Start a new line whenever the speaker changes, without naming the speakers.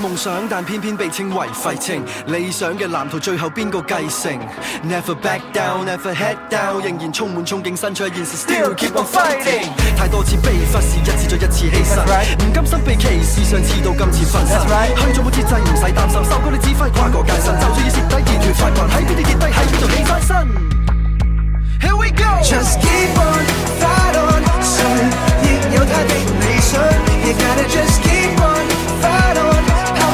夢想，但偏偏被稱為廢青。理想嘅藍圖，最後邊個繼承？Never back down, never head down，仍然充滿憧憬，身處喺現實，still keep on fighting。太多次被忽視，一次再一次犧牲，唔甘心被歧視，上次到今次翻身。去咗冇節制，唔使擔心，收高啲指揮，跨過界線。就算要徹底撕裂快感，喺邊度跌低，喺邊就起翻身。Here we go, just keep on fight on，誰亦有他的理想。You gotta just keep on fight on。